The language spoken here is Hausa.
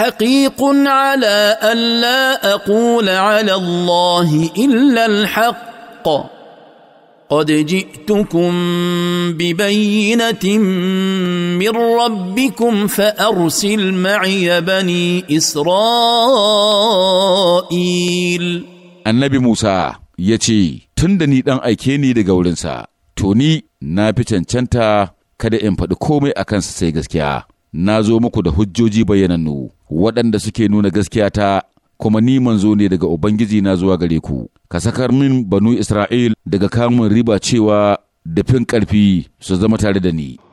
حقيق على لا أقول على الله إلا الحق قد جئتكم ببينة من ربكم فأرسل معي بني إسرائيل النبي موسى يتي تندني دان أيكيني دقولنسا توني نابي تنشنتا kada in faɗi komai a kansa sai gaskiya na zo muku da hujjoji bayyanannu waɗanda suke nuna gaskiya ta kuma ni manzo ne daga Ubangiji na zuwa gare ku, ka sakar min banu Isra'il daga kamun riba cewa da fin ƙarfi su zama tare da ni.